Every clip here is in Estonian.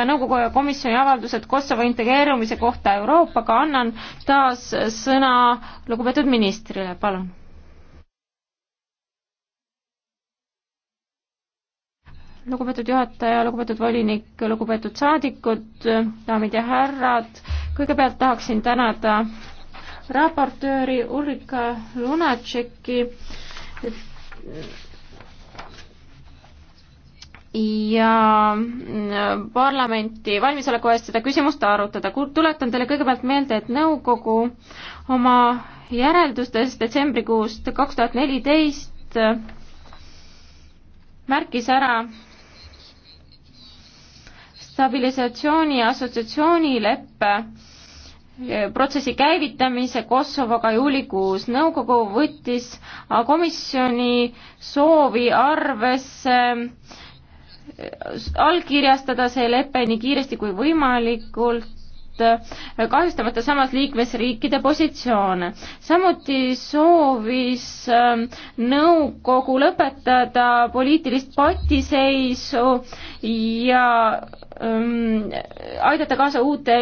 võtta nõukogu ja komisjoni avaldused Kosovo integreerumise kohta Euroopaga, annan taas sõna lugupeetud ministrile, palun. lugupeetud juhataja, lugupeetud volinik, lugupeetud saadikud, daamid ja härrad, kõigepealt tahaksin tänada raportööri Ulrika Lunatšeki, et ja mm, parlamenti valmisoleku eest seda küsimust arutada. tuletan teile kõigepealt meelde, et nõukogu oma järeldustes detsembrikuust kaks tuhat neliteist märkis ära stabilisatsiooni ja assotsiatsioonileppe eh, protsessi käivitamise Kosovoga juulikuus. nõukogu võttis komisjoni soovi arvesse allkirjastada see lepe nii kiiresti kui võimalikult, äh, kahjustamata samas liikmesriikide positsioone. samuti soovis ähm, nõukogu lõpetada poliitilist patiseisu ja aidata kaasa uute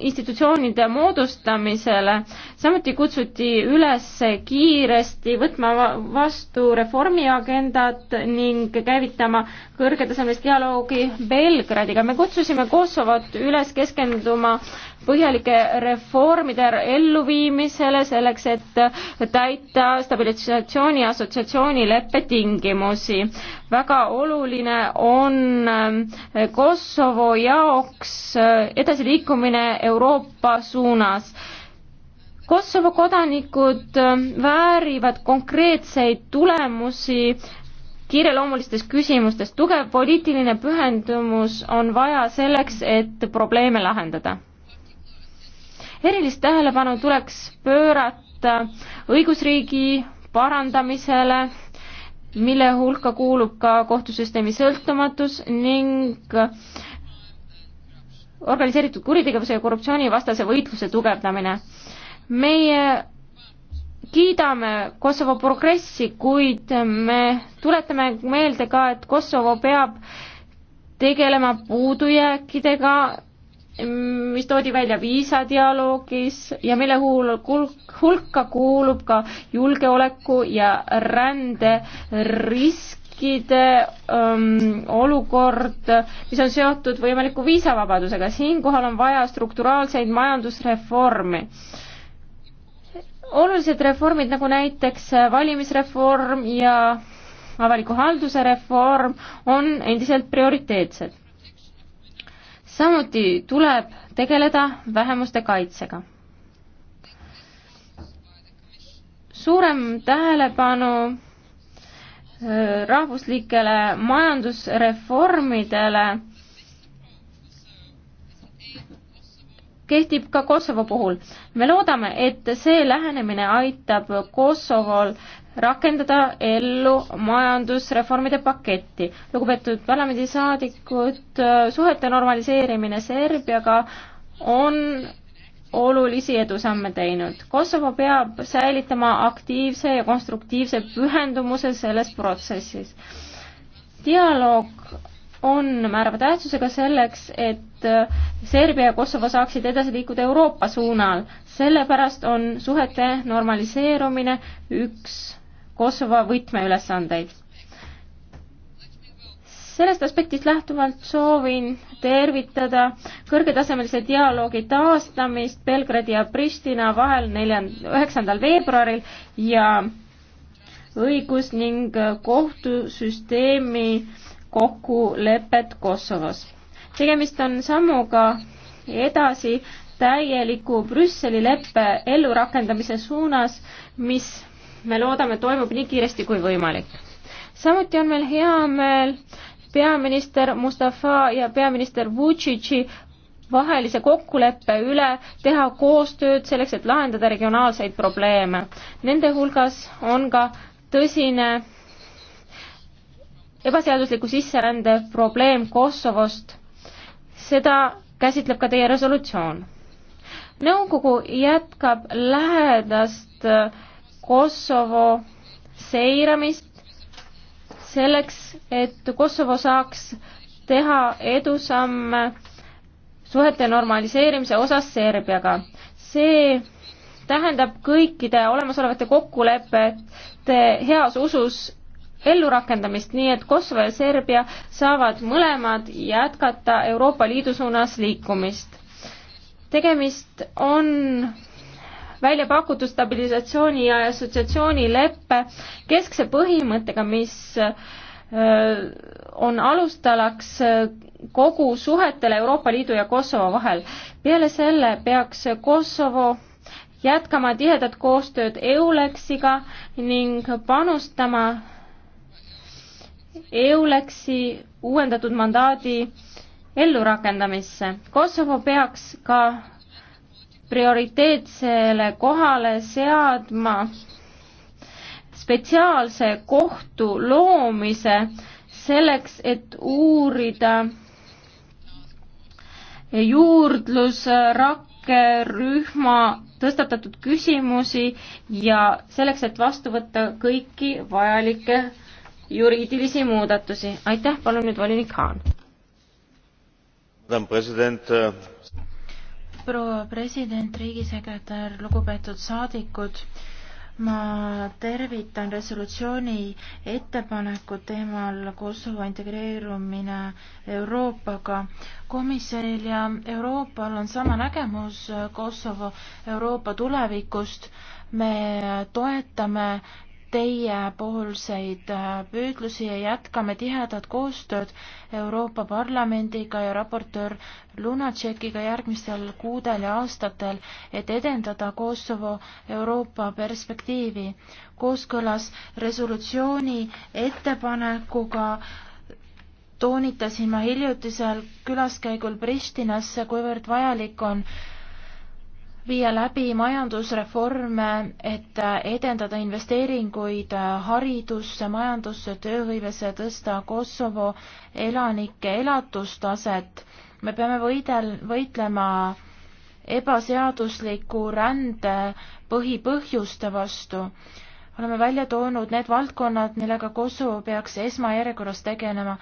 institutsioonide moodustamisele. samuti kutsuti üles kiiresti võtma vastu reformiagendat ning käivitama kõrgetasemelist dialoogi Belgradiga. me kutsusime Kosovot üles keskenduma põhjalike reformide elluviimisele selleks, et täita stabilisatsiooni assotsiatsioonileppe tingimusi väga oluline on ähm, Kosovo jaoks äh, edasiliikumine Euroopa suunas. Kosovo kodanikud ähm, väärivad konkreetseid tulemusi kiireloomulistes küsimustes. tugev poliitiline pühendumus on vaja selleks, et probleeme lahendada. erilist tähelepanu tuleks pöörata õigusriigi parandamisele mille hulka kuulub ka kohtusüsteemi sõltumatus ning organiseeritud kuritegevuse ja korruptsioonivastase võitluse tugevdamine. meie kiidame Kosovo progressi, kuid me tuletame meelde ka, et Kosovo peab tegelema puudujääkidega mis toodi välja viisadialoogis ja mille hulk, hulka kuulub ka julgeoleku ja rände riskide um, olukord, mis on seotud võimaliku viisavabadusega. siinkohal on vaja strukturaalseid majandusreforme olulised reformid nagu näiteks valimisreform ja avaliku halduse reform on endiselt prioriteetsed samuti tuleb tegeleda vähemuste kaitsega. suurem tähelepanu äh, rahvuslikele majandusreformidele kehtib ka Kosovo puhul. me loodame, et see lähenemine aitab Kosovol rakendada ellu majandusreformide paketti. lugupeetud parlamendisaadikud, suhete normaliseerimine Serbiaga on olulisi edusamme teinud. Kosovo peab säilitama aktiivse ja konstruktiivse pühendumuse selles protsessis. dialoog on määrava tähtsusega selleks, et Serbia ja Kosovo saaksid edasi liikuda Euroopa suunal. sellepärast on suhete normaliseerumine üks Kosovo võtmeülesandeid. sellest aspektist lähtuvalt soovin tervitada kõrgetasemelise dialoogi taastamist Belgradi ja Pristina vahel neljand-, üheksandal veebruaril ja õigus- ning kohtusüsteemi kokkulepet Kosovos. tegemist on sammuga edasi täieliku Brüsseli leppe ellurakendamise suunas, mis me loodame, toimub nii kiiresti kui võimalik. samuti on meil hea meel peaminister Mustafa ja peaminister Vutšitši vahelise kokkuleppe üle teha koostööd selleks, et lahendada regionaalseid probleeme. Nende hulgas on ka tõsine ebaseadusliku sisserände probleem Kosovost. seda käsitleb ka teie resolutsioon. nõukogu jätkab lähedast äh, Kosovo seiramist selleks, et Kosovo saaks teha edusamme suhete normaliseerimise osas Serbiaga. see tähendab kõikide olemasolevate kokkulepete heas usus ellurakendamist, nii et Kosovo ja Serbia saavad mõlemad jätkata Euroopa Liidu suunas liikumist. tegemist on välja pakutud stabilisatsiooni ja assotsiatsioonileppe keskse põhimõttega, mis äh, on alustalaks äh, kogu suhetele Euroopa Liidu ja Kosovo vahel. peale selle peaks Kosovo jätkama tihedat koostööd EULEX-iga ning panustama EULEX-i uuendatud mandaadi ellurakendamisse. Kosovo peaks ka prioriteetsele kohale seadma spetsiaalse kohtu loomise selleks, et uurida juurdlusrakkerühma tõstatatud küsimusi ja selleks, et vastu võtta kõiki vajalikke juriidilisi muudatusi. aitäh, palun nüüd volinik Haan proua president, riigisekretär, lugupeetud saadikud, ma tervitan resolutsiooni ettepanekut teemal Kosovo integreerumine Euroopaga. komisjonil ja Euroopal on sama nägemus Kosovo Euroopa tulevikust. me toetame teiepoolseid äh, püüdlusi ja jätkame tihedat koostööd Euroopa Parlamendiga ja raportöör Lunatšekiga järgmistel kuudel ja aastatel, et edendada Kosovo Euroopa perspektiivi. kooskõlas resolutsiooni ettepanekuga toonitasin ma hiljutisel külaskäigul Pristinasse, kuivõrd vajalik on viia läbi majandusreforme, et edendada investeeringuid haridusse, majandusse, tööhõivesse, tõsta Kosovo elanike elatustaset. me peame võidel, võitlema ebaseadusliku rände põhipõhjuste vastu. oleme välja toonud need valdkonnad, millega Kosovo peaks esmajärjekorras tegelema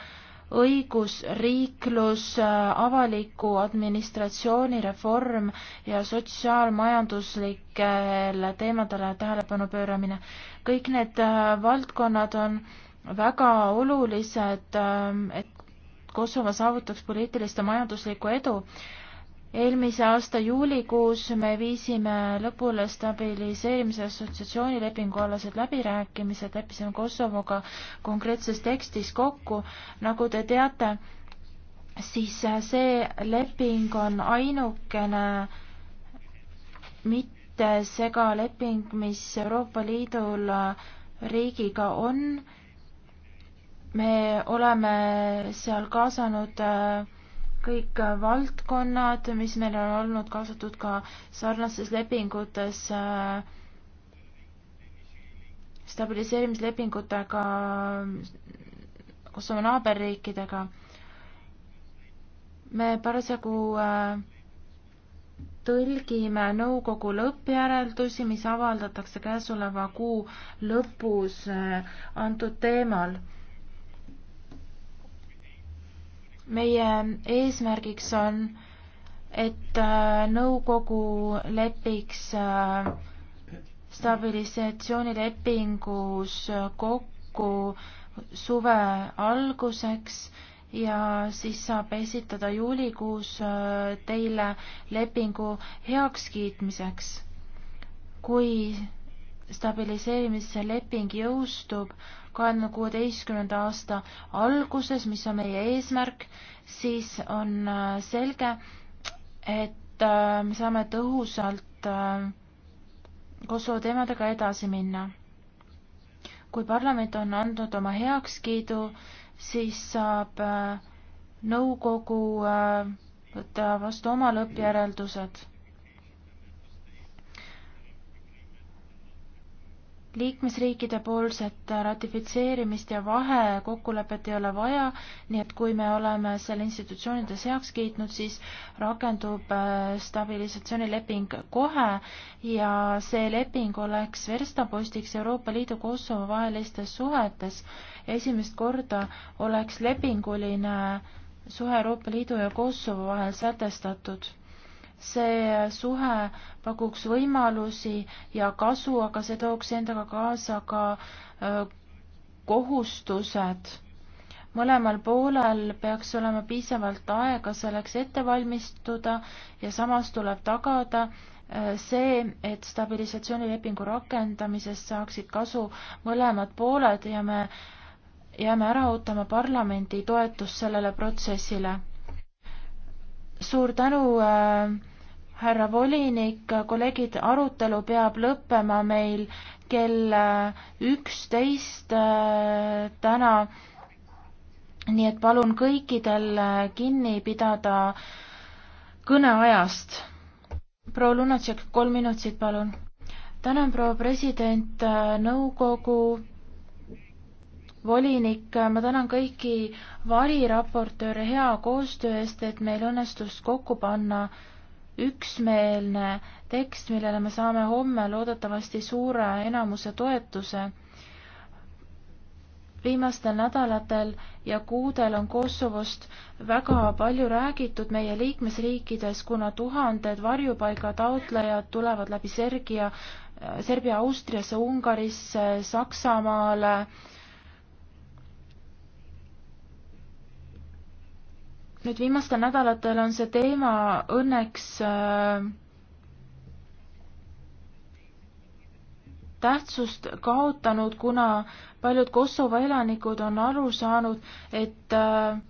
õigusriiklus, avaliku administratsiooni reform ja sotsiaalmajanduslikele teemadele tähelepanu pööramine. kõik need äh, valdkonnad on väga olulised, ähm, et Kosovo saavutaks poliitilist ja majanduslikku edu eelmise aasta juulikuus me viisime lõpule stabiliseerimise assotsiatsiooni lepingualased läbirääkimised, leppisime Kosovoga konkreetses tekstis kokku. nagu te teate, siis see leping on ainukene mittesegaleping, mis Euroopa Liidul riigiga on. me oleme seal kaasanud äh, kõik valdkonnad, mis meil on olnud kaasatud ka sarnastes lepingutes äh, stabiliseerimislepingutega Kosovo naaberriikidega. me parasjagu äh, tõlgime nõukogu lõppjäreldusi, mis avaldatakse käesoleva kuu lõpus äh, antud teemal meie eesmärgiks on, et äh, nõukogu lepiks äh, stabilisatsioonilepingus kokku suve alguseks ja siis saab esitada juulikuus äh, teile lepingu heakskiitmiseks. kui stabiliseerimise leping jõustub, kahe tuhande kuueteistkümnenda aasta alguses, mis on meie eesmärk, siis on äh, selge, et äh, me saame tõhusalt äh, Kosovo teemadega edasi minna. kui parlament on andnud oma heakskiidu, siis saab nõukogu võtta vastu oma lõppjäreldused liikmesriikide poolset ratifitseerimist ja vahekokkulepet ei ole vaja, nii et kui me oleme selle institutsioonides heaks kiitnud, siis rakendub äh, stabilisatsioonileping kohe ja see leping oleks verstapostiks Euroopa Liidu Kosovo vahelistes suhetes. esimest korda oleks lepinguline suhe Euroopa Liidu ja Kosovo vahel sätestatud see suhe pakuks võimalusi ja kasu, aga see tooks endaga kaasa ka kohustused. mõlemal poolel peaks olema piisavalt aega selleks ette valmistuda ja samas tuleb tagada see, et stabilisatsioonilepingu rakendamisest saaksid kasu mõlemad pooled ja me jääme ära ootama parlamendi toetust sellele protsessile. suur tänu äh, härra volinik, kolleegid, arutelu peab lõppema meil kell äh, üksteist äh, täna. nii et palun kõikidel äh, kinni pidada kõneajast. proua Lunatšek, kolm minutit, palun. tänan, proua president, nõukogu, volinik, ma tänan kõiki variraportööre hea koostöö eest, et meil õnnestus kokku panna üksmeelne tekst, millele me saame homme loodetavasti suure enamuse toetuse. viimastel nädalatel ja kuudel on Kosovost väga palju räägitud meie liikmesriikides, kuna tuhanded varjupaiga taotlejad tulevad läbi Sergia, Serbia Austriasse, Ungarisse, Saksamaale nüüd viimastel nädalatel on see teema õnneks äh, tähtsust kaotanud, kuna paljud Kosovo elanikud on aru saanud, et äh,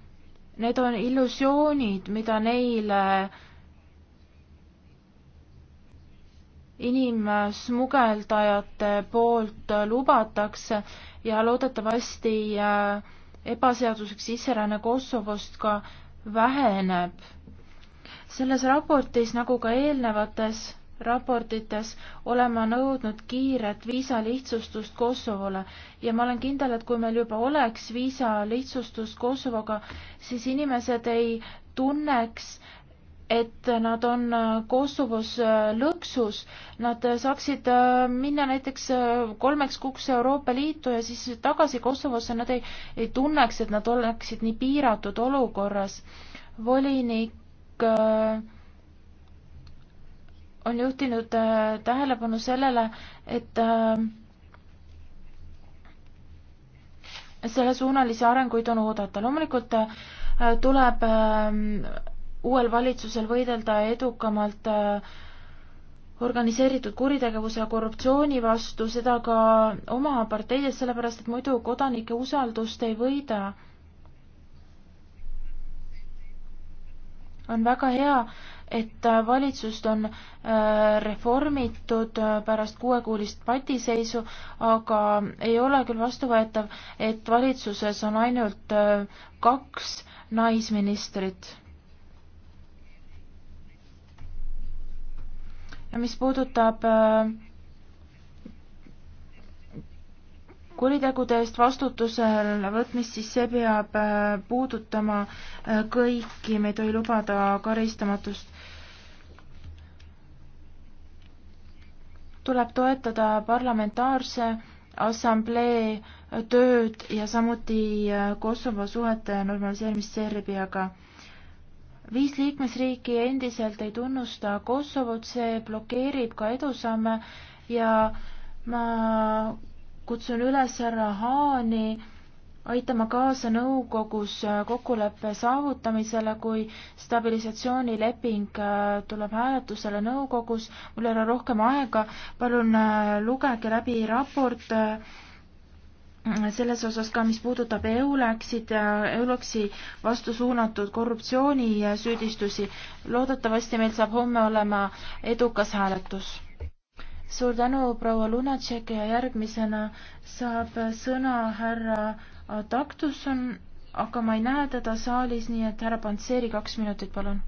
need on illusioonid, mida neile inimsmugeldajate poolt lubatakse ja loodetavasti äh, ebaseaduslik sisseränne Kosovost ka väheneb. selles raportis, nagu ka eelnevates raportites olen ma nõudnud kiiret viisalihtsustust Kosovole ja ma olen kindel, et kui meil juba oleks viisalihtsustus Kosovoga, siis inimesed ei tunneks, et nad on Kosovos lõksus, nad saaksid äh, minna näiteks äh, kolmeks kuuks Euroopa Liitu ja siis tagasi Kosovosse, nad ei, ei tunneks, et nad oleksid nii piiratud olukorras. volinik äh, on juhtinud tähelepanu sellele, et sellesuunalisi arenguid on oodata. loomulikult tuleb uuel valitsusel võidelda edukamalt äh, organiseeritud kuritegevuse ja korruptsiooni vastu, seda ka oma parteides, sellepärast et muidu kodanike usaldust ei võida. on väga hea, et valitsust on äh, reformitud äh, pärast kuuekuulist patiseisu, aga ei ole küll vastuvõetav, et valitsuses on ainult kaks naisministrit mis puudutab äh, kuritegude eest vastutusele võtmist, siis see peab äh, puudutama äh, kõiki, me ei tohi lubada karistamatust. tuleb toetada parlamentaarse assamblee tööd ja samuti Kosovo suhete normaliseerimist Serbiaga viis liikmesriiki endiselt ei tunnusta Kosovot, see blokeerib ka edusamme ja ma kutsun üles härra Haani aitama kaasa nõukogus kokkuleppe saavutamisele, kui stabilisatsioonileping äh, tuleb hääletusele nõukogus. mul ei ole rohkem aega, palun äh, lugege läbi raport äh, selles osas ka, mis puudutab EULEX-id ja EULEX-i vastu suunatud korruptsioonisüüdistusi. loodetavasti meil saab homme olema edukas hääletus. suur tänu, proua Lunatšek ja järgmisena saab sõna härra Taktusson, aga ma ei näe teda saalis, nii et härra Pantseri, kaks minutit, palun.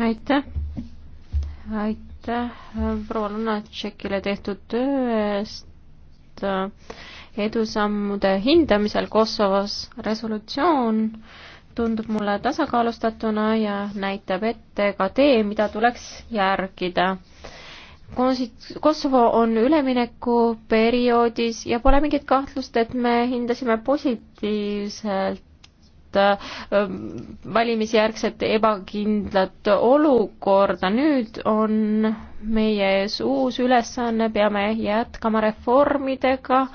aitäh aitäh aitäh proua Lunatšekile tehtud töö eest edusammude hindamisel Kosovos. resolutsioon tundub mulle tasakaalustatuna ja näitab ette ka tee, mida tuleks järgida. Kosovo on üleminekuperioodis ja pole mingit kahtlust, et me hindasime positiivselt Ähm, valimisjärgset ebakindlat olukorda. nüüd on meie ees uus ülesanne, peame jätkama reformidega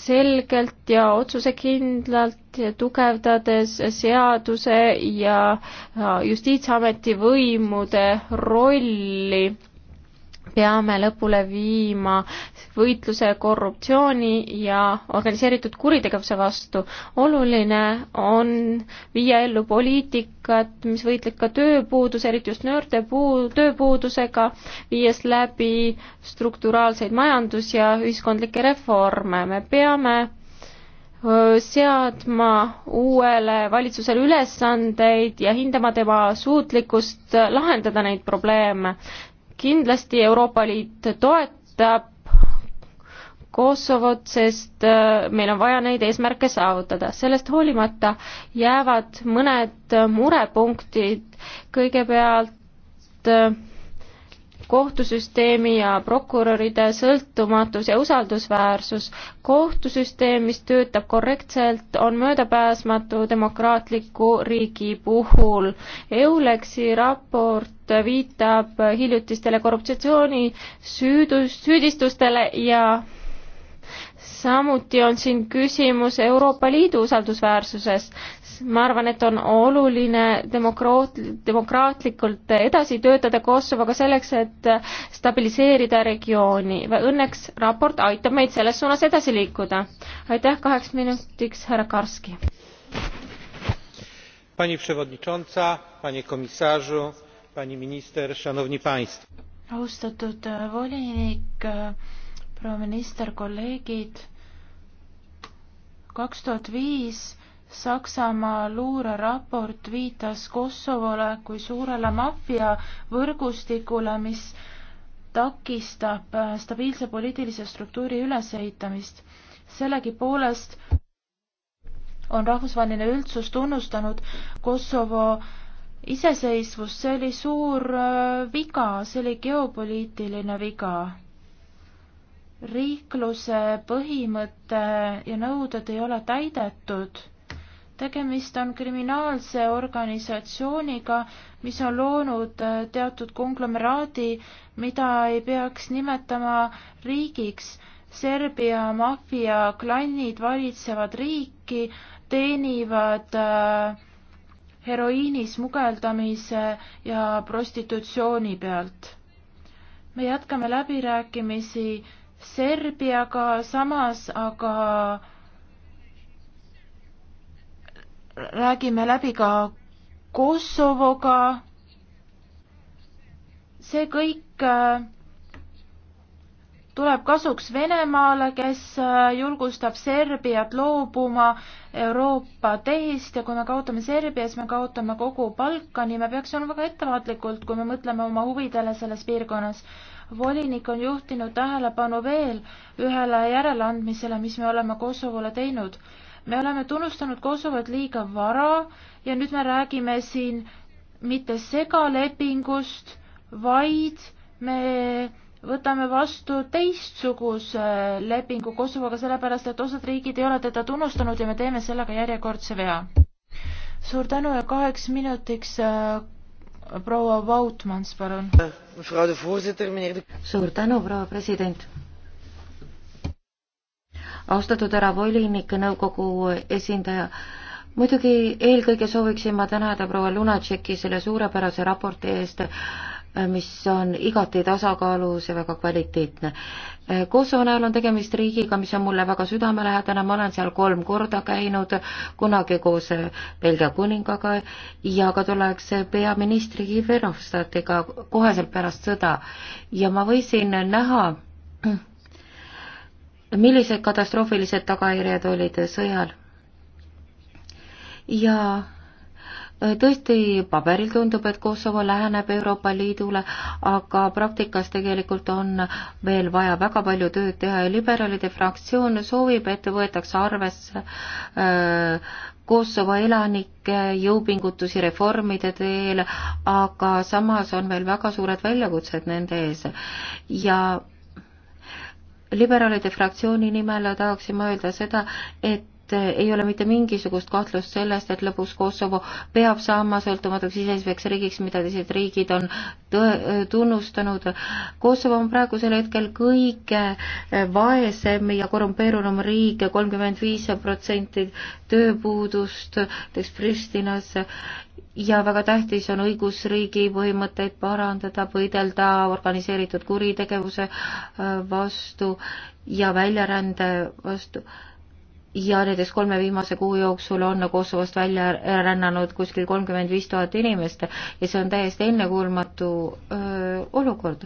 selgelt ja otsusekindlalt tugevdades seaduse ja Justiitsameti võimude rolli peame lõpule viima võitluse korruptsiooni ja organiseeritud kuritegevuse vastu. oluline on viia ellu poliitikat, mis võitleb ka tööpuuduse, eriti just noorte puu-, tööpuudusega, viies läbi strukturaalseid majandus- ja ühiskondlikke reforme. me peame seadma uuele valitsusele ülesandeid ja hindama tema suutlikkust lahendada neid probleeme kindlasti Euroopa Liit toetab Kosovot, sest äh, meil on vaja neid eesmärke saavutada. sellest hoolimata jäävad mõned äh, murepunktid, kõigepealt äh, kohtusüsteemi ja prokuröride sõltumatus ja usaldusväärsus. kohtusüsteem, mis töötab korrektselt, on möödapääsmatu demokraatliku riigi puhul. EULEX-i raport viitab hiljutistele korruptsiooni süüdus, süüdistustele ja samuti on siin küsimus Euroopa Liidu usaldusväärsuses ma arvan, et on oluline demokraat-, demokraatlikult edasi töötada Kosovoga selleks, et stabiliseerida regiooni. Õnneks raport aitab meid selles suunas edasi liikuda. aitäh kaheks minutiks, härra Karski. Pani przewodnicząca, panie komisarzu, pani minister, szanowni państwo. austatud e, volinik, e, proua minister, kolleegid kaks tuhat viis Saksamaa luureraport viitas Kosovole kui suurele maffiavõrgustikule, mis takistab äh, stabiilse poliitilise struktuuri ülesehitamist. sellegipoolest on rahvusvaheline üldsus tunnustanud Kosovo iseseisvust, see oli suur äh, viga, see oli geopoliitiline viga riikluse põhimõte ja nõuded ei ole täidetud tegemist on kriminaalse organisatsiooniga, mis on loonud äh, teatud konglomeraadi, mida ei peaks nimetama riigiks. Serbia maffiaklannid valitsevad riiki, teenivad äh, heroiini smugeldamise ja prostitutsiooni pealt. me jätkame läbirääkimisi Serbiaga, samas aga räägime läbi ka Kosovoga. see kõik äh, tuleb kasuks Venemaale, kes äh, julgustab Serbiat loobuma Euroopa tehist ja kui me kaotame Serbia, siis me kaotame kogu Balkani, me peaks olema väga ettevaatlikult, kui me mõtleme oma huvidele selles piirkonnas. volinik on juhtinud tähelepanu veel ühele järeleandmisele, mis me oleme Kosovole teinud me oleme tunnustanud Kosovot liiga vara ja nüüd me räägime siin mitte segalepingust, vaid me võtame vastu teistsuguse lepingu Kosovoga, sellepärast et osad riigid ei ole teda tunnustanud ja me teeme sellega järjekordse vea. suur tänu ja kaheks minutiks äh, proua Vautmans, palun. suur tänu, proua president austatud härra volinik, nõukogu esindaja, muidugi eelkõige sooviksin ma tänada proua Lunatšeki selle suurepärase raporti eest, mis on igati tasakaalus ja väga kvaliteetne. Kosovo näol on tegemist riigiga, mis on mulle väga südamelähedane, ma olen seal kolm korda käinud, kunagi koos Belgia kuningaga ja ka tolleaegse peaministri Verhofstadtiga koheselt pärast sõda ja ma võisin näha millised katastroofilised tagajärjed olid sõjal. ja äh, tõesti, paberil tundub, et Kosovo läheneb Euroopa Liidule, aga praktikas tegelikult on veel vaja väga palju tööd teha ja liberaalide fraktsioon soovib, et võetakse arvesse äh, Kosovo elanike jõupingutusi reformide teel, aga samas on veel väga suured väljakutsed nende ees ja liberaalide fraktsiooni nimel tahaksin ma öelda seda, et et ei ole mitte mingisugust kahtlust sellest, et lõpuks Kosovo peab saama sõltumatuks iseseisvaks riigiks, mida teised riigid on tunnustanud. Kosovo on praegusel hetkel kõige vaesem ja korrumpeerunum riik, kolmkümmend viis protsenti tööpuudust, näiteks Pristinas ja väga tähtis on õigusriigi põhimõtteid parandada, võidelda organiseeritud kuritegevuse äh, vastu ja väljarände vastu ja näiteks kolme viimase kuu jooksul on Kosovost välja rännanud kuskil kolmkümmend viis tuhat inimest ja see on täiesti ennekuulmatu öö, olukord.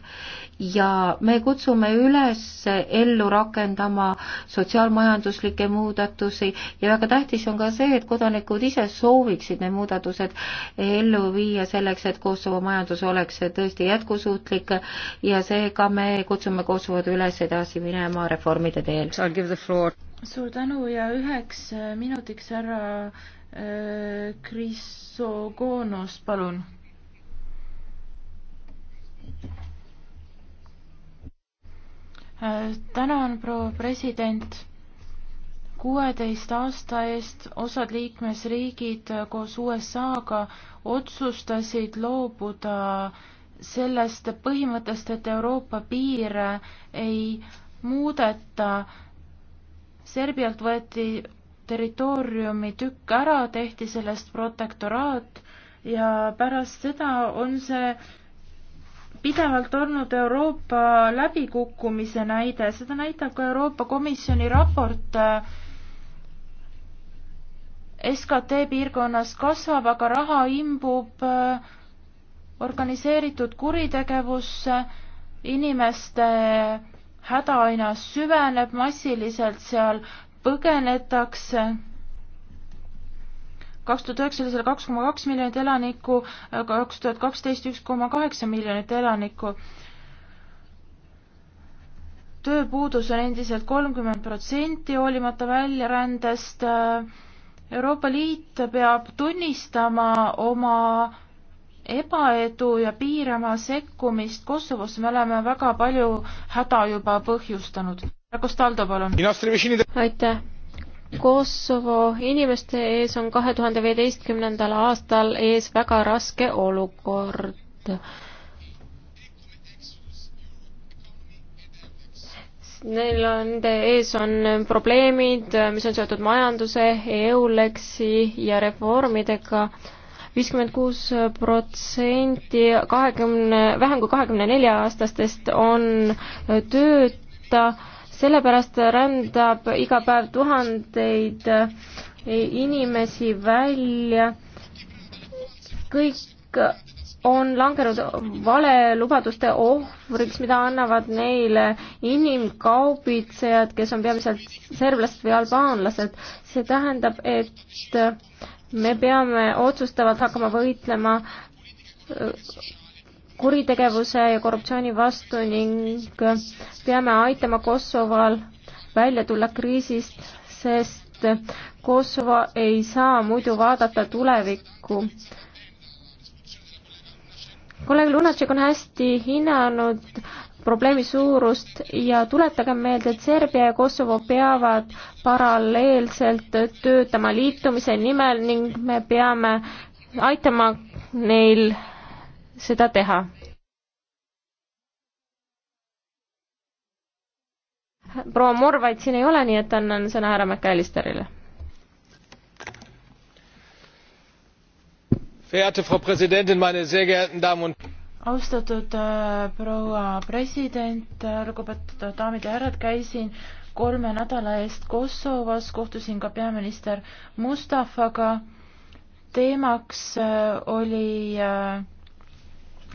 ja me kutsume üles ellu rakendama sotsiaalmajanduslikke muudatusi ja väga tähtis on ka see, et kodanikud ise sooviksid need muudatused ellu viia selleks, et Kosovo majandus oleks tõesti jätkusuutlik ja seega me kutsume Kosovot üles edasi minema reformide teel suur tänu ja üheks äh, minutiks härra Krisogonos, äh, palun. Äh, tänan, proua president. kuueteist aasta eest osad liikmesriigid koos USA-ga otsustasid loobuda sellest põhimõttest, et Euroopa piire ei muudeta äh, Serbialt võeti territooriumi tükk ära, tehti sellest protektoraat ja pärast seda on see pidevalt olnud Euroopa läbikukkumise näide, seda näitab ka Euroopa Komisjoni raport. SKT piirkonnas kasvab, aga raha imbub organiseeritud kuritegevusse, inimeste häda aina süveneb, massiliselt seal põgenetakse. kaks tuhat üheksa oli seal kaks koma kaks miljonit elanikku, kaks tuhat kaksteist üks koma kaheksa miljonit elanikku. tööpuudus on endiselt kolmkümmend protsenti, hoolimata väljarändest. Euroopa Liit peab tunnistama oma ebaedu ja piirama sekkumist Kosovos me oleme väga palju häda juba põhjustanud. Kostaldo, palun. aitäh. Kosovo inimeste ees on kahe tuhande viieteistkümnendal aastal ees väga raske olukord. Neil on, nende ees on probleemid, mis on seotud majanduse, EULEX-i ja reformidega viiskümmend kuus protsenti kahekümne, vähem kui kahekümne nelja aastastest on tööta, sellepärast rändab iga päev tuhandeid eh, inimesi välja, kõik on langenud valelubaduste ohvriks, mida annavad neile inimkaubitsejad, kes on peamiselt serblased või albaanlased. see tähendab, et me peame otsustavalt hakkama võitlema äh, kuritegevuse ja korruptsiooni vastu ning äh, peame aitama Kosoval välja tulla kriisist, sest äh, Kosovo ei saa muidu vaadata tulevikku. kolleeg Lunatšek on hästi hinnanud probleemi suurust ja tuletagem meelde, et Serbia ja Kosovo peavad paralleelselt töötama liitumise nimel ning me peame aitama neil seda teha. proua Morvaid siin ei ole, nii et annan sõna härra McAllisterile. Verehrte Frau Präsidentin, meine sehr geehrten Damen und austatud äh, proua president, äh, lugupeetud daamid ja härrad, käisin kolme nädala eest Kosovos, kohtusin ka peaminister Mustafaga. teemaks äh, oli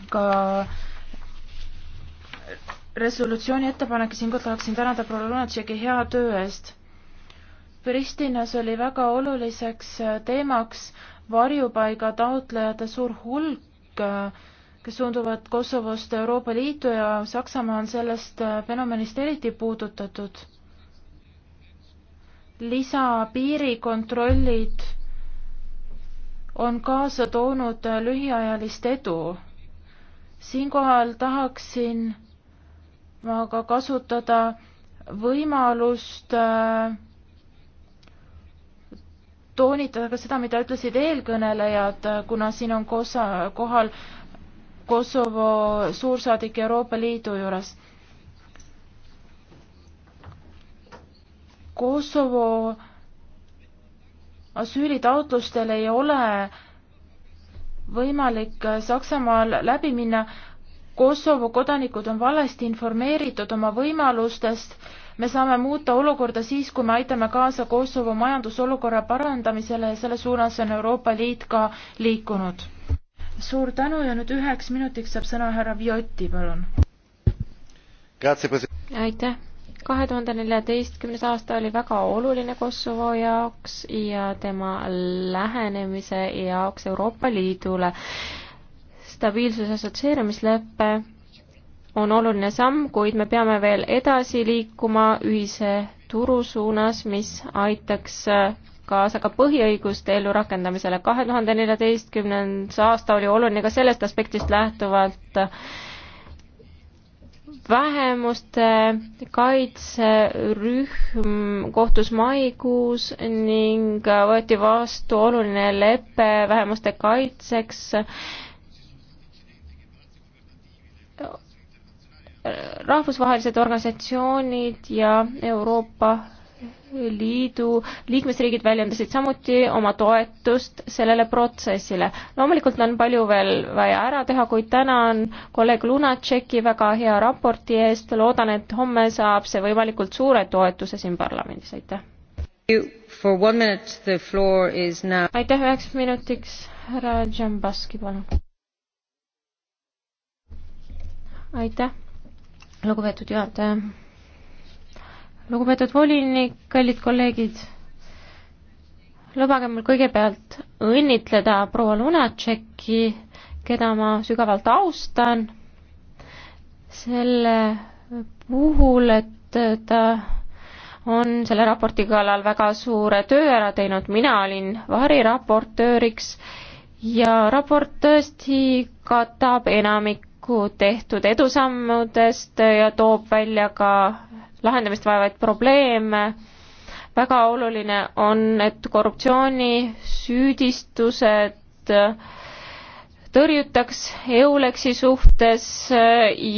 ka resolutsiooni ettepanek ja siinkohal tahaksin tänada proua Lunatšeki hea töö eest. Pristinas oli väga oluliseks teemaks varjupaiga taotlejate suur hulk kes suunduvad Kosovost Euroopa Liitu ja Saksamaa on sellest äh, fenomenist eriti puudutatud. lisapiirikontrollid on kaasa toonud äh, lühiajalist edu. siinkohal tahaksin ma ka kasutada võimalust äh, toonitada ka seda, mida ütlesid eelkõnelejad, kuna siin on kosa, kohal Kosovo suursaadik Euroopa Liidu juures. Kosovo asüülitaotlustel ei ole võimalik Saksamaal läbi minna. Kosovo kodanikud on valesti informeeritud oma võimalustest. me saame muuta olukorda siis, kui me aitame kaasa Kosovo majandusolukorra parandamisele ja selles suunas on Euroopa Liit ka liikunud suur tänu ja nüüd üheks minutiks saab sõna härra Viotti, palun. aitäh kahe tuhande neljateistkümnes aasta oli väga oluline Kosovo jaoks ja tema lähenemise jaoks Euroopa Liidule. stabiilsuse assotsieerimislepe on oluline samm, kuid me peame veel edasi liikuma ühise turu suunas, mis aitaks kaasa ka põhiõiguste ellurakendamisele. kahe tuhande neljateistkümnendas aasta oli oluline ka sellest aspektist lähtuvalt vähemuste kaitserühm kohtus maikuus ning võeti vastu oluline lepe vähemuste kaitseks rahvusvahelised organisatsioonid ja Euroopa Liidu liikmesriigid väljendasid samuti oma toetust sellele protsessile. loomulikult on palju veel vaja ära teha, kuid tänan kolleeg Lunatšeki väga hea raporti eest, loodan, et homme saab see võimalikult suure toetuse siin parlamendis, aitäh. aitäh üheks minutiks, härra Džambaski, palun. aitäh, lugupeetud juhataja lugupeetud volinik, kallid kolleegid, lubage mul kõigepealt õnnitleda proua Lunatšeki, keda ma sügavalt austan, selle puhul, et ta on selle raporti kallal väga suure töö ära teinud, mina olin variraportööriks ja raport tõesti katab enamikku tehtud edusammudest ja toob välja ka lahendamist vajavaid probleeme. väga oluline on, et korruptsioonisüüdistused tõrjutaks EULEX-i suhtes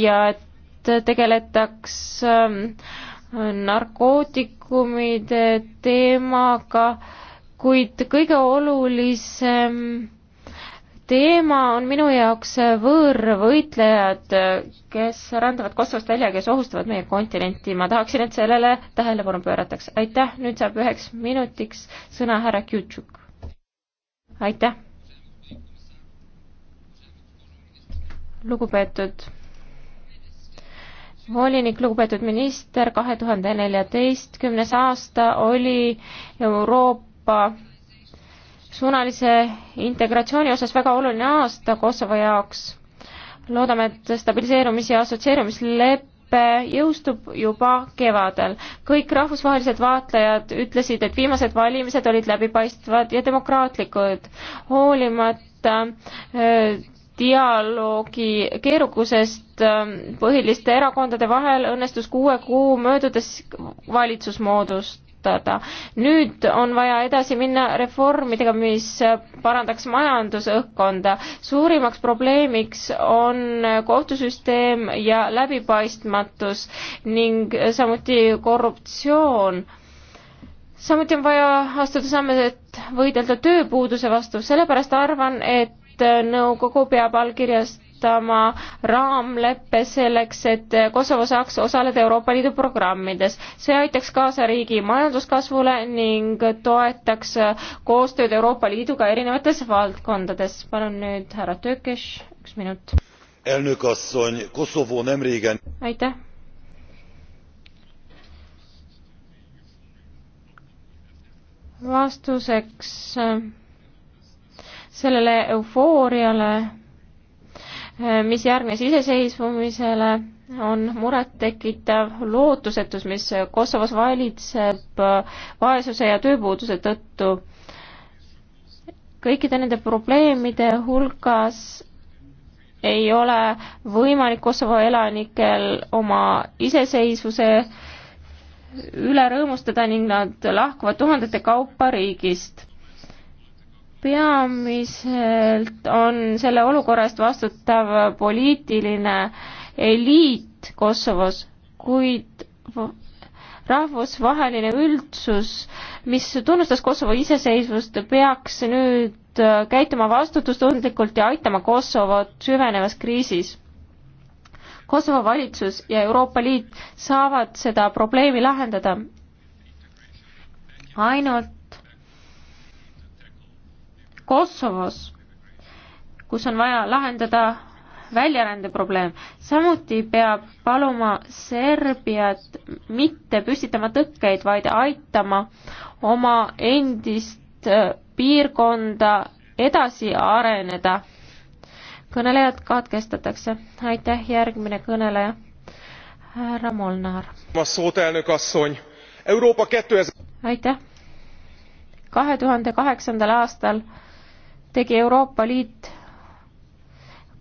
ja et tegeletaks ähm, narkootikumide teemaga, kuid kõige olulisem teema on minu jaoks võõrvõitlejad, kes rändavad Kosovost välja ja kes ohustavad meie kontinenti. ma tahaksin, et sellele tähelepanu pöörataks. aitäh, nüüd saab üheks minutiks sõna härra Kjutšuk. aitäh. lugupeetud volinik, lugupeetud minister, kahe tuhande neljateistkümnes aasta oli Euroopa suunalise integratsiooni osas väga oluline aasta Kosovo jaoks. loodame, et stabiliseerumis- ja assotsieerumislepe jõustub juba kevadel. kõik rahvusvahelised vaatlejad ütlesid, et viimased valimised olid läbipaistvad ja demokraatlikud, hoolimata äh, dialoogi keerukusest äh, põhiliste erakondade vahel õnnestus kuue kuu möödudes valitsus moodust-, kasutada. nüüd on vaja edasi minna reformidega, mis parandaks majandusõhkkonda. suurimaks probleemiks on kohtusüsteem ja läbipaistmatus ning samuti korruptsioon samuti on vaja astuda samme, et võidelda tööpuuduse vastu, sellepärast arvan, et nõukogu peab allkirjast koostama raamleppe selleks, et Kosovo saaks osaleda Euroopa Liidu programmides. see aitaks kaasa riigi majanduskasvule ning toetaks koostööd Euroopa Liiduga erinevates valdkondades. palun nüüd härra Tökes, üks minut. aitäh. vastuseks sellele eufooriale Äh, mis järgnes iseseisvumisele, on murettekitav lootusetus, mis Kosovos valitseb äh, vaesuse ja tööpuuduse tõttu. kõikide nende probleemide hulgas ei ole võimalik Kosovo elanikel oma iseseisvuse üle rõõmustada ning nad lahkuvad tuhandete kaupa riigist peamiselt on selle olukorra eest vastutav poliitiline eliit Kosovos, kuid rahvusvaheline üldsus, mis tunnustas Kosovo iseseisvust, peaks nüüd käituma vastutustundlikult ja aitama Kosovot süvenevas kriisis. Kosovo valitsus ja Euroopa Liit saavad seda probleemi lahendada. ainult Kosovos, kus on vaja lahendada väljarände probleem. samuti peab paluma Serbiat mitte püstitama tõkkeid, vaid aitama oma endist äh, piirkonda edasi areneda. kõnelejad katkestatakse. aitäh, järgmine kõneleja, härra Molnar. aitäh. kahe tuhande kaheksandal aastal tegi Euroopa Liit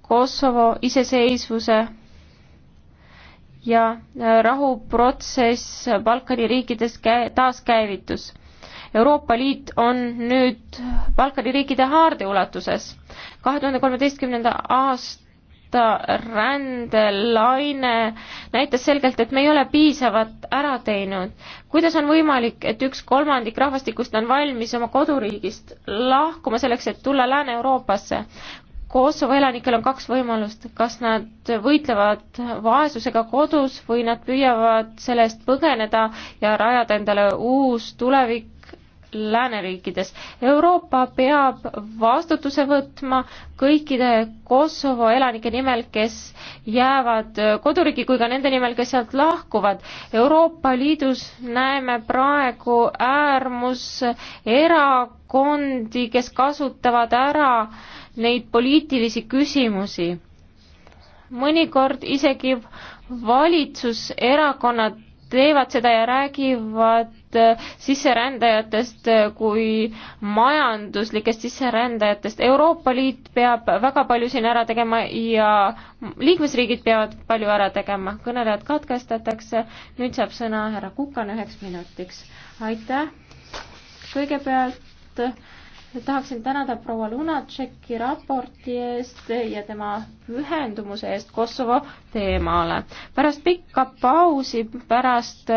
Kosovo iseseisvuse ja äh, rahuprotsess Balkani riikides taaskäivitus. Euroopa Liit on nüüd Balkani riikide haarde ulatuses. kahe tuhande kolmeteistkümnenda aasta kohta rändelaine näitas selgelt, et me ei ole piisavat ära teinud. kuidas on võimalik, et üks kolmandik rahvastikust on valmis oma koduriigist lahkuma selleks, et tulla Lääne-Euroopasse? Kosovo elanikel on kaks võimalust, kas nad võitlevad vaesusega kodus või nad püüavad selle eest põgeneda ja rajada endale uus tulevik lääneriikides. Euroopa peab vastutuse võtma kõikide Kosovo elanike nimel, kes jäävad koduriigi, kui ka nende nimel, kes sealt lahkuvad. Euroopa Liidus näeme praegu äärmuserakondi, kes kasutavad ära neid poliitilisi küsimusi mõnikord isegi valitsuserakonnad teevad seda ja räägivad äh, sisserändajatest äh, kui majanduslikest sisserändajatest. Euroopa Liit peab väga palju siin ära tegema ja liikmesriigid peavad palju ära tegema. kõnelejad katkestatakse, nüüd saab sõna härra Kukan üheks minutiks. aitäh, kõigepealt tahaksin tänada proua Lunatšeki raporti eest ja tema pühendumuse eest Kosovo teemale. pärast pikka pausi, pärast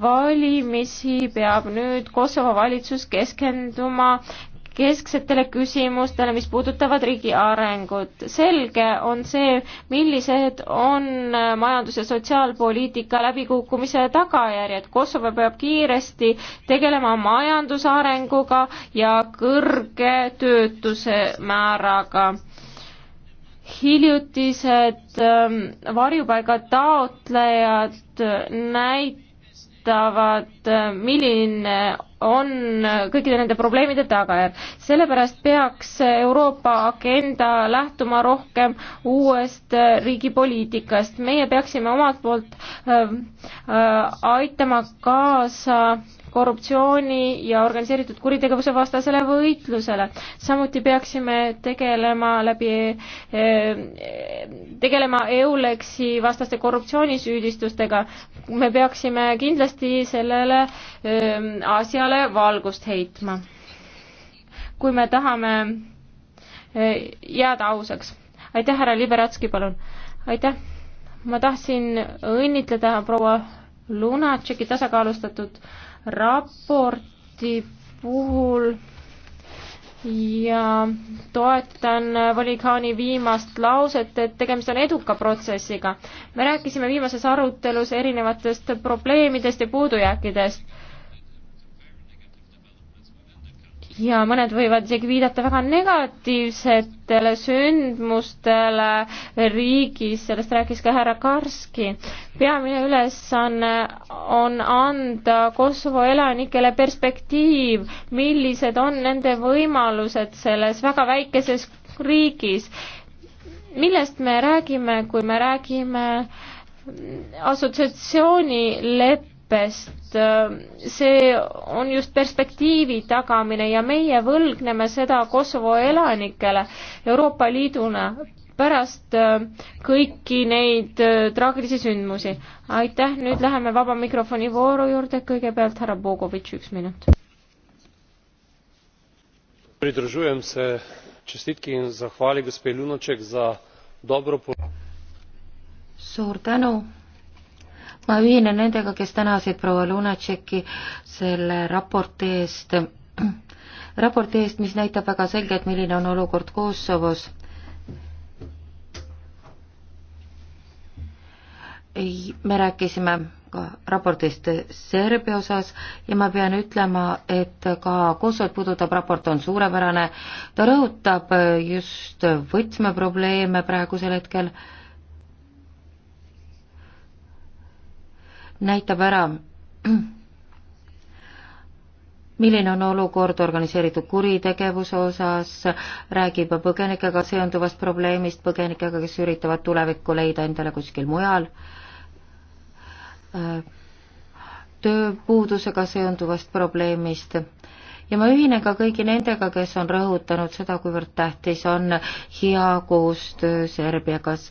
valimisi peab nüüd Kosovo valitsus keskenduma kesksetele küsimustele, mis puudutavad riigi arengut. selge on see, millised on äh, majandus- ja sotsiaalpoliitika läbikukkumise tagajärjed. Kosovo peab kiiresti tegelema majandusarenguga ja kõrge töötuse määraga hiljutised ähm, varjupaiga taotlejad äh, näitavad, äh, milline on kõikide nende probleemide tagajärg. sellepärast peaks Euroopa agenda lähtuma rohkem uuest riigipoliitikast. meie peaksime omalt poolt äh, äh, aitama kaasa korruptsiooni ja organiseeritud kuritegevuse vastasele võitlusele. samuti peaksime tegelema läbi äh,, tegelema EULEX-i vastaste korruptsioonisüüdistustega. me peaksime kindlasti sellele ähm, asjale peale valgust heitma. kui me tahame e, jääda ausaks. aitäh, härra Liberatski, palun. aitäh. ma tahtsin õnnitleda proua Lunatšeki tasakaalustatud raporti puhul ja toetan Valikani viimast lauset, et tegemist on eduka protsessiga. me rääkisime viimases arutelus erinevatest probleemidest ja puudujääkidest ja mõned võivad isegi viidata väga negatiivsetele sündmustele riigis, sellest rääkis ka härra Karski. peamine ülesanne on anda Kosovo elanikele perspektiiv, millised on nende võimalused selles väga väikeses riigis. millest me räägime, kui me räägime assotsiatsioonileppest? õppest, äh, see on just perspektiivi tagamine ja meie võlgneme seda Kosovo elanikele Euroopa Liiduna pärast äh, kõiki neid äh, traagilisi sündmusi. aitäh, nüüd läheme vaba mikrofoni vooru juurde, kõigepealt härra Bogovitš, üks minut. pridružujem se čestitki in zahvali gospe Lunaček za dobro suur tänu ma ühinen nendega, kes tänasid proua Lunatšeki selle raporti eest, raporti eest, mis näitab väga selgelt, milline on olukord Kosovos ei, me rääkisime ka raportist Serbia osas ja ma pean ütlema, et ka Kosovot puudutav raport on suurepärane, ta rõhutab just võtmeprobleeme praegusel hetkel äh, näitab ära, milline on olukord organiseeritud kuritegevuse osas, räägib põgenikega seonduvast probleemist, põgenikega, kes üritavad tulevikku leida endale kuskil mujal, tööpuudusega seonduvast probleemist ja ma ühinen ka kõigi nendega, kes on rõhutanud seda, kuivõrd tähtis on hea koostöö Serbiagas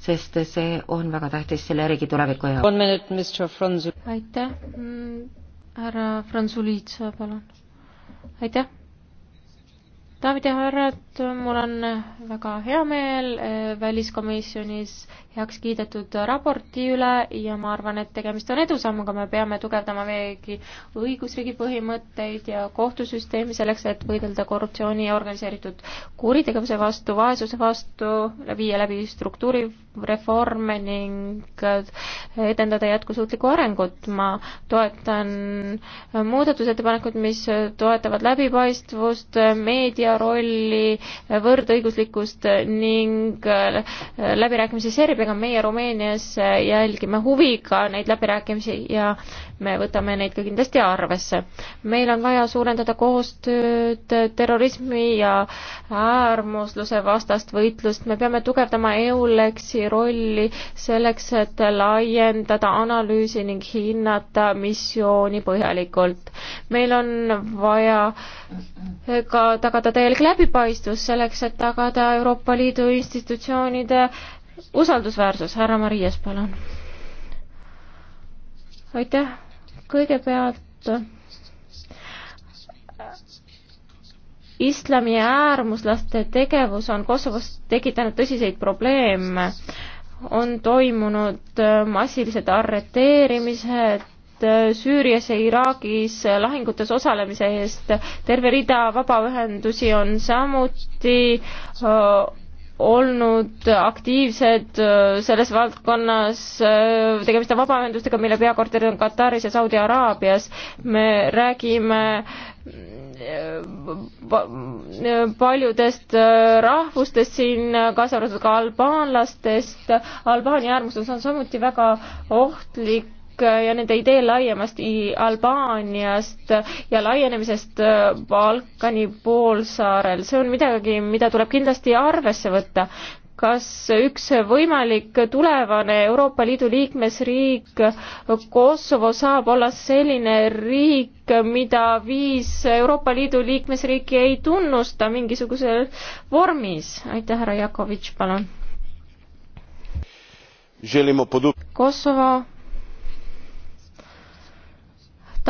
sest see on väga tähtis selle riigi tuleviku jaoks. aitäh, mm, härra Franzuliit, palun. aitäh daamid ja härrad, mul on väga hea meel eh, väliskomisjonis heaks kiidetud raporti üle ja ma arvan, et tegemist on edusammuga, me peame tugevdama veelgi õigusriigi põhimõtteid ja kohtusüsteemi selleks, et võidelda korruptsiooni ja organiseeritud kuritegevuse vastu, vaesuse vastu, viia läbi struktuuri reforme ning äh, edendada jätkusuutlikku arengut. ma toetan äh, muudatusettepanekuid, mis äh, toetavad läbipaistvust, meedia rolli, võrdõiguslikkust ning läbirääkimisi Serbiaga. meie Rumeenias jälgime huviga neid läbirääkimisi ja me võtame neid ka kindlasti arvesse. meil on vaja suurendada koostööd terrorismi ja äärmusluse vastast võitlust, me peame tugevdama EULEX-i rolli selleks, et laiendada analüüsi ning hinnata missiooni põhjalikult. meil on vaja ka tagada täielik läbipaistvus selleks, et tagada Euroopa Liidu institutsioonide usaldusväärsus, härra Marias, palun. aitäh kõigepealt islami äärmuslaste tegevus on Kosovos tekitanud tõsiseid probleeme. on toimunud äh, massilised arreteerimised, äh, Süürias ja Iraagis äh, lahingutes osalemise eest, terve rida vabaühendusi on samuti olnud aktiivsed äh, selles valdkonnas, äh, tegemist on vabaühendustega, mille peakorter on Kataris ja Saudi Araabias. me räägime äh, paljudest rahvustest siin, kaasa arvatud ka albaanlastest. Albaania äärmuslus on samuti väga ohtlik ja nende idee laiemast Albaaniast ja laienemisest äh, Balkani poolsaarel, see on midagi, mida tuleb kindlasti arvesse võtta kas üks võimalik tulevane Euroopa Liidu liikmesriik Kosovo saab olla selline riik, mida viis Euroopa Liidu liikmesriiki ei tunnusta mingisugusel vormis? aitäh, härra Jakovitš, palun. Kosovo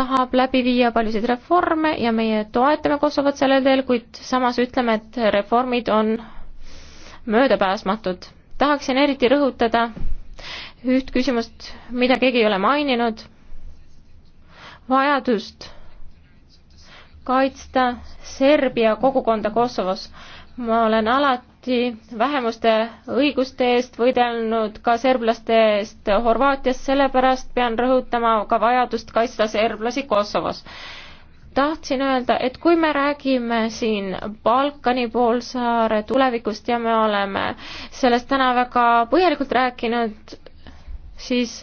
tahab läbi viia paljusid reforme ja meie toetame Kosovot sellel teel, kuid samas ütleme, et reformid on möödapääsmatud. tahaksin eriti rõhutada üht küsimust, mida keegi ei ole maininud, vajadust kaitsta Serbia kogukonda Kosovos ma olen alati vähemuste õiguste eest võidelnud ka serblaste eest Horvaatias, sellepärast pean rõhutama ka vajadust kaitsta serblasi Kosovos. tahtsin öelda, et kui me räägime siin Balkani poolsaare tulevikust ja me oleme sellest täna väga põhjalikult rääkinud, siis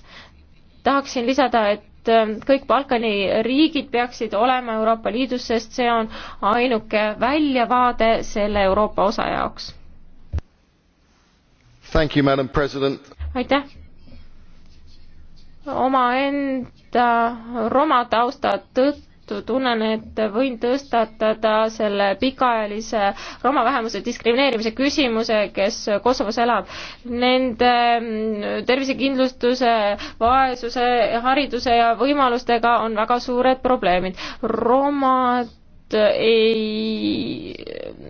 tahaksin lisada, et et ähm, kõik Balkani riigid peaksid olema Euroopa Liidus, sest see on ainuke väljavaade selle Euroopa osa jaoks. aitäh! omaenda roma tausta tõttu seetõttu tunnen, et võin tõstatada selle pikaajalise roma vähemuse diskrimineerimise küsimuse, kes Kosovos elab. Nende mm, tervisekindlustuse, vaesuse, hariduse ja võimalustega on väga suured probleemid. romad ei,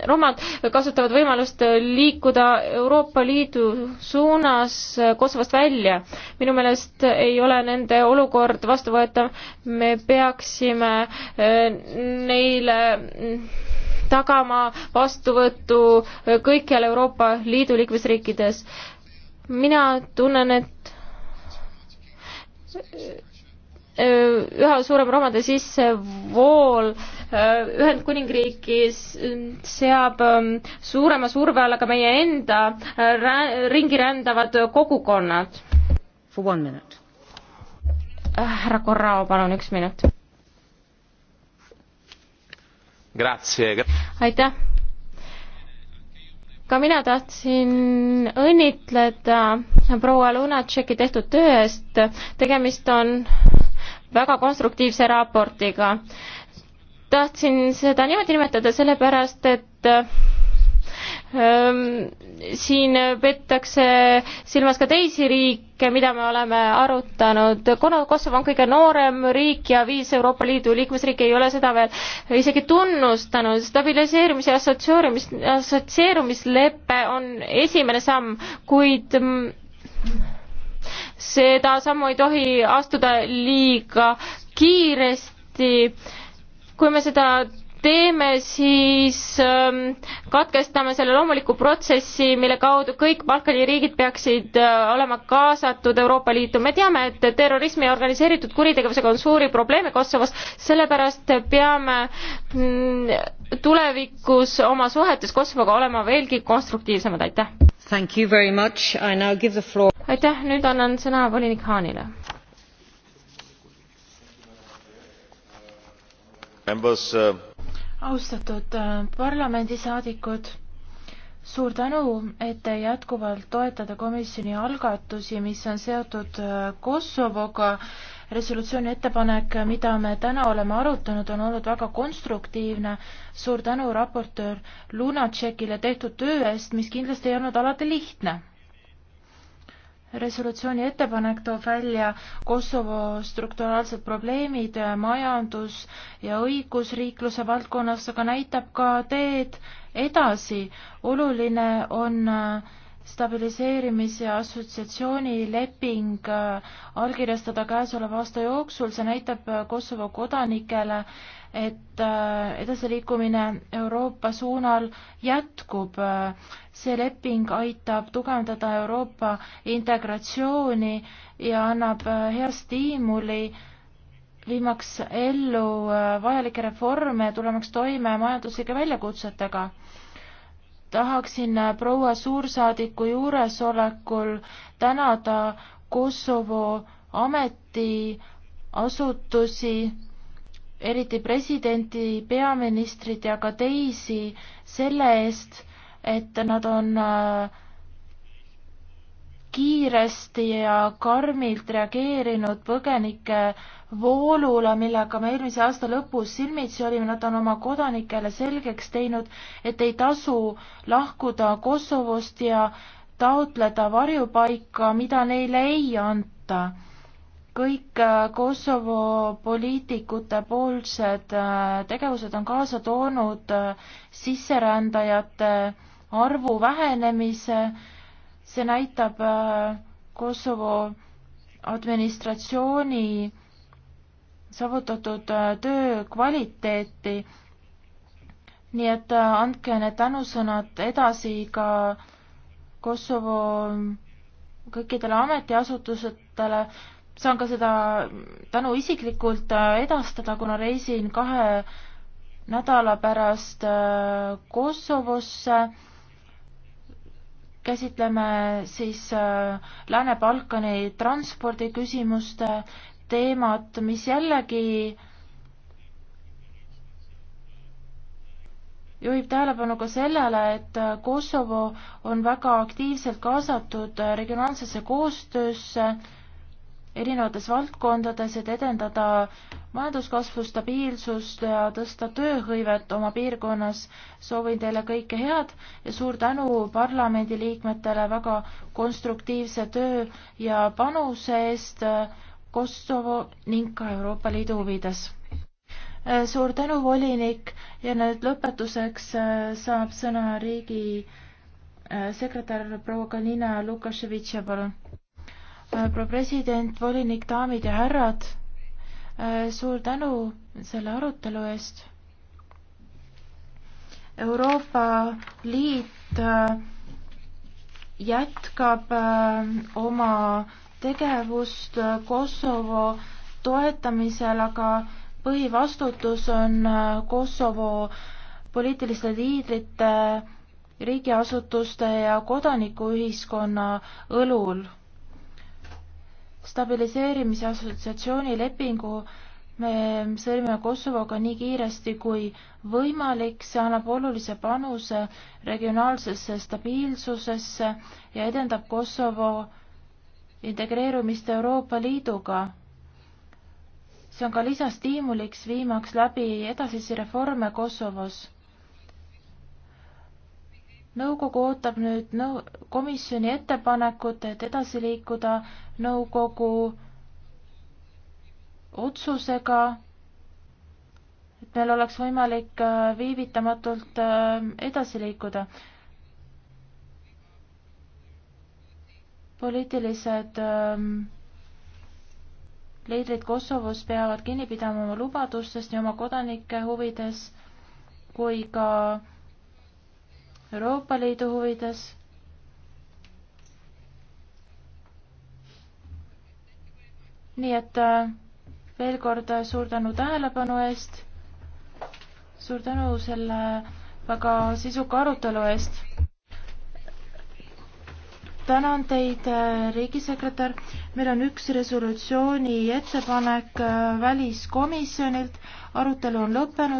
romad kasutavad võimalust liikuda Euroopa Liidu suunas Kosovost välja. minu meelest ei ole nende olukord vastuvõetav, me peaksime äh, neile mm, tagama vastuvõttu kõikjal Euroopa Liidu liikmesriikides. mina tunnen, et Äh, üha suurem romade sissevool äh, Ühendkuningriigis äh, seab ähm, suurema surve alla ka meie enda ringi rändavad kogukonnad. härra Korrao, palun üks minut. aitäh. ka mina tahtsin õnnitleda proua Lunatšeki tehtud töö eest. tegemist on väga konstruktiivse raportiga. tahtsin seda niimoodi nimetada sellepärast, et ähm, siin peetakse silmas ka teisi riike, mida me oleme arutanud. Kosovo on kõige noorem riik ja viis Euroopa Liidu liikmesriiki ei ole seda veel isegi tunnustanud. stabiliseerimise assotsieerumis, assotsieerumislepe on esimene samm, kuid seda sammu ei tohi astuda liiga kiiresti. kui me seda teeme, siis ähm, katkestame selle loomuliku protsessi, mille kaudu kõik Balkani riigid peaksid äh, olema kaasatud Euroopa Liitu. me teame, et terrorismi ja organiseeritud kuritegevusega on suuri probleeme Kosovos, sellepärast peame mm, tulevikus oma suhetes Kosovoga olema veelgi konstruktiivsemad, aitäh! aitäh, nüüd annan sõna volinik Haanile. Uh, austatud uh, parlamendisaadikud, suur tänu, et te jätkuvalt toetate komisjoni algatusi, mis on seotud uh, Kosovoga resolutsiooni ettepanek, mida me täna oleme arutanud, on olnud väga konstruktiivne. suur tänu raportöör Lunatšekile tehtud töö eest, mis kindlasti ei olnud alati lihtne resolutsiooni ettepanek toob välja Kosovo strukturaalsed probleemid majandus- ja õigusriikluse valdkonnas, aga näitab ka teed edasi. oluline on äh, stabiliseerimis- ja assotsiatsioonileping äh, allkirjastada käesoleva aasta jooksul, see näitab äh, Kosovo kodanikele, et äh, edasiliikumine Euroopa suunal jätkub. see leping aitab tugevdada Euroopa integratsiooni ja annab hea stiimuli viimaks ellu vajalikke reforme ja tulemaks toime majanduslike väljakutsetega tahaksin äh, proua suursaadiku juuresolekul tänada Kosovo ametiasutusi, eriti presidenti, peaministrit ja ka teisi selle eest, et nad on äh, kiiresti ja karmilt reageerinud põgenike voolule, millega me eelmise aasta lõpus silmitsi olime, nad on oma kodanikele selgeks teinud, et ei tasu lahkuda Kosovost ja taotleda varjupaika, mida neile ei anta. kõik äh, Kosovo poliitikute poolsed äh, tegevused on kaasa toonud äh, sisserändajate arvu vähenemise see näitab äh, Kosovo administratsiooni saavutatud äh, töö kvaliteeti. nii et äh, andke need tänusõnad edasi ka Kosovo kõikidele ametiasutusetele. saan ka seda tänu isiklikult edastada, kuna reisin kahe nädala pärast Kosovosse käsitleme siis äh, Lääne-Balkani transpordiküsimuste äh, teemat, mis jällegi juhib tähelepanu ka sellele, et äh, Kosovo on väga aktiivselt kaasatud regionaalsesse koostöösse erinevates valdkondades, et edendada majanduskasvu, stabiilsust ja tõsta tööhõivet oma piirkonnas. soovin teile kõike head ja suur tänu parlamendiliikmetele väga konstruktiivse töö ja panuse eest Kosovo ning ka Euroopa Liidu huvides. suur tänu, volinik ja nüüd lõpetuseks äh, saab sõna riigi äh, sekretär proua Kalina Lukaševitš ja palun Äh, proua president, volinik, daamid ja härrad, äh, suur tänu selle arutelu eest. Euroopa Liit äh, jätkab oma tegevust Kosovo toetamisel, aga põhivastutus on Kosovo poliitiliste liidrite, riigiasutuste ja kodanikuühiskonna õlul stabiliseerimise assotsiatsiooni lepingu me sõlmime Kosovoga nii kiiresti kui võimalik, see annab olulise panuse regionaalsesse stabiilsusesse ja edendab Kosovo integreerumist Euroopa Liiduga. see on ka lisastiimuliks viimaks läbi edasisi reforme Kosovos nõukogu ootab nüüd nõu-, komisjoni ettepanekut, et edasi liikuda nõukogu otsusega, et meil oleks võimalik äh, viivitamatult äh, edasi liikuda. poliitilised ähm, liidrid Kosovos peavad kinni pidama oma lubadustest nii oma kodanike huvides kui ka Euroopa Liidu huvides. nii et äh, veel kord äh, suur tänu tähelepanu eest. suur tänu selle väga sisuka arutelu eest. tänan teid, äh, riigisekretär. meil on üks resolutsiooni ettepanek väliskomisjonilt. arutelu on lõppenud.